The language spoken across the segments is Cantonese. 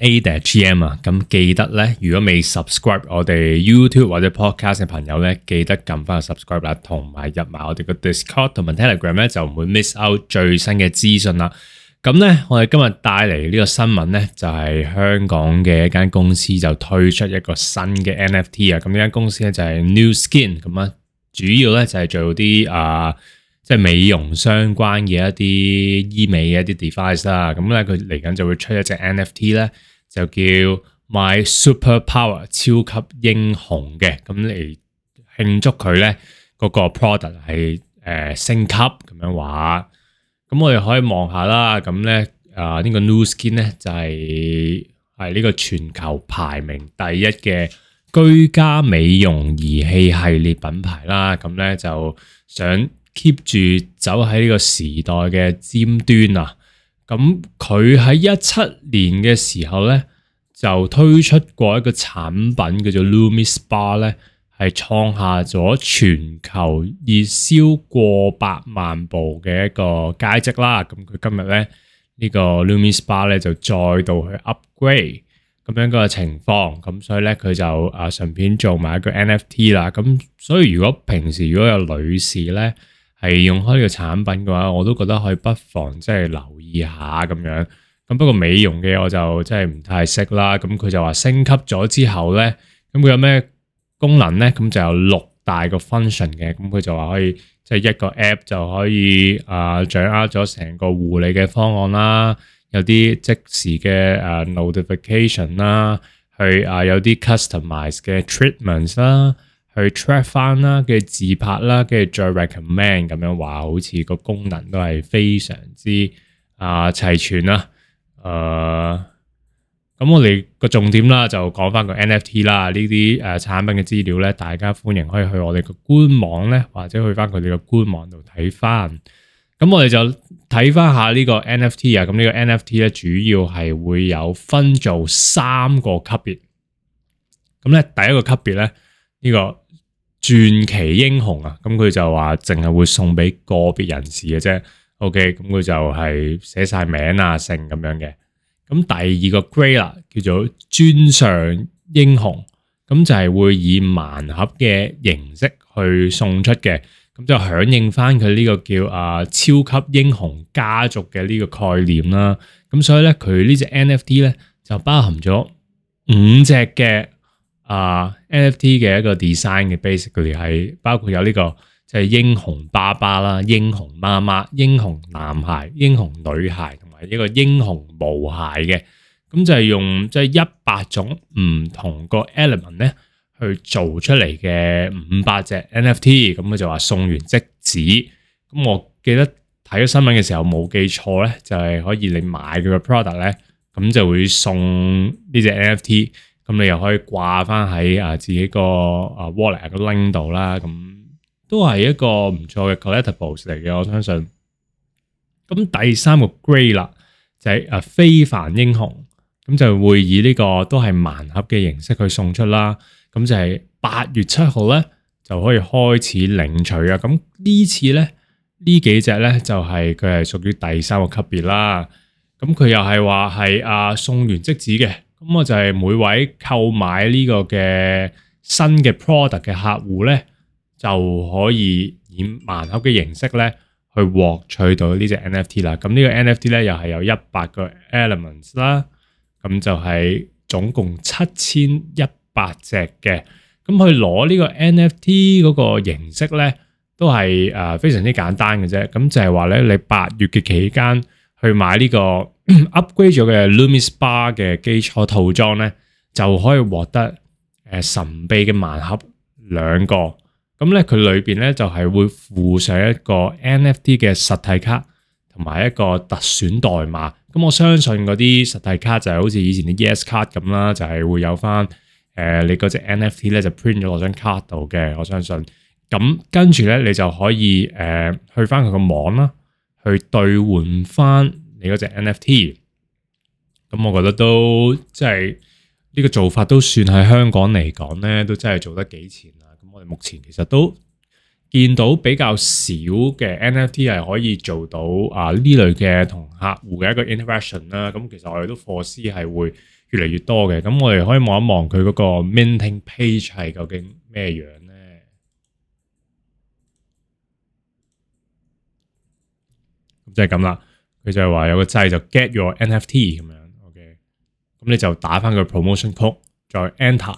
ADAC GM 啊，咁記得咧，如果未 subscribe 我哋 YouTube 或者 Podcast 嘅朋友咧，記得撳翻個 subscribe 啦，同埋入埋我哋個 Discord 同埋 Telegram 咧，就唔會 miss out 最新嘅資訊啦。咁咧，我哋今日帶嚟呢個新聞咧，就係香港嘅一間公司就推出一個新嘅 NFT 啊。咁呢間公司咧就係 Nu Skin，咁啊，主要咧就係做啲啊。即係美容相關嘅一啲醫美嘅一啲 device 啦，咁咧佢嚟緊就會出一隻 NFT 咧，就叫 My Superpower 超級英雄嘅，咁嚟慶祝佢咧嗰個 product 係誒、呃、升級咁樣話，咁我哋可以望下啦，咁咧啊呢、這個 Nu Skin 咧就係係呢個全球排名第一嘅居家美容儀器系列品牌啦，咁咧就想。keep 住走喺呢個時代嘅尖端啊！咁佢喺一七年嘅時候咧，就推出過一個產品叫做 Lumi Spa 咧，係創下咗全球熱銷過百萬部嘅一個佳績啦。咁佢今日咧呢個 Lumi Spa 咧就再度去 upgrade 咁樣個情況，咁所以咧佢就啊順便做埋一個 NFT 啦。咁所以如果平時如果有女士咧，係用開呢個產品嘅話，我都覺得可以不妨即係留意下咁樣。咁不過美容嘅我就真係唔太識啦。咁佢就話升級咗之後咧，咁佢有咩功能咧？咁就有六大個 function 嘅。咁佢就話可以即係、就是、一個 app 就可以啊掌握咗成個護理嘅方案啦。有啲即時嘅啊 notification 啦，去啊有啲 customize 嘅 treatments 啦。去 track 翻啦，嘅自拍啦，跟住再 recommend 咁樣話，好似個功能都係非常之、呃、啊齊全啦。誒、呃，咁我哋個重點啦，就講翻個 NFT 啦，呢啲誒產品嘅資料咧，大家歡迎可以去我哋個官網咧，或者去翻佢哋嘅官網度睇翻。咁我哋就睇翻下個個呢個 NFT 啊，咁呢個 NFT 咧，主要係會有分做三個級別。咁咧，第一個級別咧，呢、呢個。傳奇英雄 OK, 啊，咁佢就話淨係會送俾個別人士嘅啫，OK，咁佢就係寫晒名啊姓咁樣嘅。咁第二個 Grade 啦，叫做專上英雄，咁就係會以盲盒嘅形式去送出嘅，咁就響應翻佢呢個叫啊超級英雄家族嘅呢個概念啦。咁所以咧，佢呢隻 NFT 咧就包含咗五隻嘅。啊、uh,！NFT 嘅一個 design 嘅 basically 係包括有呢個即係英雄爸爸啦、英雄媽媽、英雄男孩、英雄女孩同埋一個英雄毛孩嘅，咁就係用即係一百種唔同個 element 咧去做出嚟嘅五百隻 NFT，咁佢就話送完即止。咁我記得睇咗新聞嘅時候冇記錯咧，就係、是、可以你買佢個 product 咧，咁就會送呢隻 NFT。咁你又可以掛翻喺啊自己個啊 wallet 個 link 度啦，咁都係一個唔錯嘅 collectibles 嚟嘅，我相信。咁第三個 grade 啦，就係、是、啊非凡英雄，咁就會以呢個都係盲盒嘅形式去送出啦。咁就係八月七號咧，就可以開始領取啊。咁呢次咧呢幾隻咧就係佢係屬於第三個級別啦。咁佢又係話係啊送完即止嘅。咁我就係每位購買呢個嘅新嘅 product 嘅客戶咧，就可以以盲盒嘅形式咧去獲取到呢隻 NFT 啦。咁呢個 NFT 咧又係有一百個 elements 啦，咁就係總共七千一百隻嘅。咁去攞呢個 NFT 嗰個形式咧，都係誒非常之簡單嘅啫。咁就係話咧，你八月嘅期間去買呢個。upgrade 咗嘅 LumiSpa 嘅基礎套裝咧，就可以獲得誒神秘嘅盲盒兩個。咁咧佢裏邊咧就係會附上一個 NFT 嘅實體卡，同埋一個特選代碼。咁我相信嗰啲實體卡就係好似以前啲 Yes 卡咁啦，就係、是、會有翻誒、呃、你嗰隻 NFT 咧就 print 咗嗰張卡度嘅。我相信。咁跟住咧你就可以誒去翻佢個網啦，去兌換翻。你嗰隻 NFT，咁我覺得都即係呢個做法都算喺香港嚟講咧，都真係做得幾前啦。咁我哋目前其實都見到比較少嘅 NFT 係可以做到啊呢類嘅同客戶嘅一個 interaction 啦。咁其實我哋都貨司係會越嚟越多嘅。咁我哋可以望一望佢嗰個 minting page 係究竟咩樣咧？咁即係咁啦。佢就係話有個掣，就 get your NFT 咁樣，OK，咁你就打翻個 promotion code 再 enter，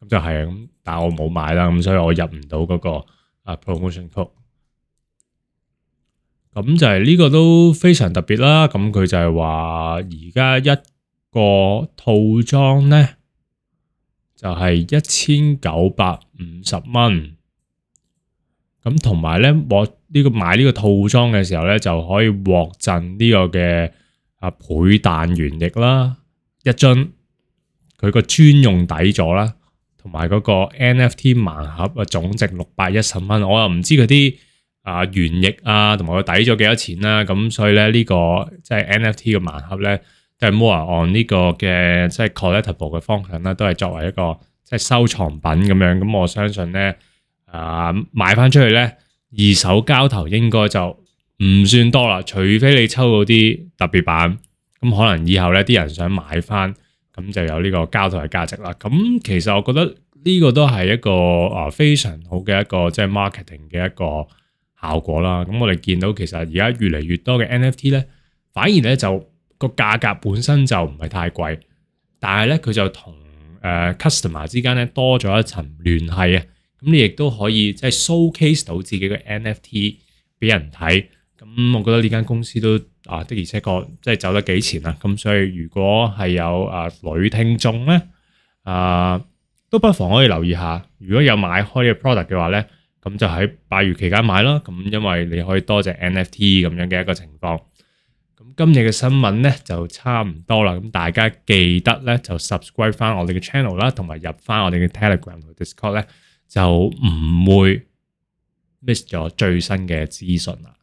咁就係啊咁，但係我冇買啦，咁所以我入唔到嗰個啊 promotion code。咁就係呢個都非常特別啦，咁佢就係話而家一個套裝咧就係一千九百五十蚊。咁同埋咧，我呢、這個買呢個套裝嘅時候咧，就可以獲贈呢個嘅啊倍彈原液啦，一樽佢個專用底座啦，同埋嗰個 NFT 盲盒嘅總值六百一十蚊，我又唔知佢啲啊原液啊同埋佢抵咗幾多錢啦，咁所以咧呢、這個即係、就是、NFT 嘅盲盒咧，都係 more on 呢個嘅即係、就是、collectible 嘅方向啦，都係作為一個即係、就是、收藏品咁樣，咁我相信咧。啊，買翻出去咧，二手交投應該就唔算多啦。除非你抽嗰啲特別版，咁可能以後咧，啲人想買翻，咁就有呢個交投嘅價值啦。咁其實我覺得呢個都係一個啊非常好嘅一個即係、就是、marketing 嘅一個效果啦。咁我哋見到其實而家越嚟越多嘅 NFT 咧，反而咧就個價格本身就唔係太貴，但係咧佢就同 customer 之間咧多咗一層聯繫啊！咁你亦都可以即係 showcase 到自己嘅 NFT 俾人睇，咁我覺得呢間公司都啊的而且確即係走得幾前啦，咁所以如果係有啊、呃、女聽眾咧啊都不妨可以留意下，如果有買開嘅 product 嘅話咧，咁就喺八月期間買囉。咁因為你可以多隻 NFT 咁樣嘅一個情況。咁今日嘅新聞咧就差唔多啦，咁大家記得咧就 subscribe 返我哋嘅 channel 啦，同埋入返我哋嘅 Telegram 和 Discord 咧。就唔會 miss 咗最新嘅資訊啦。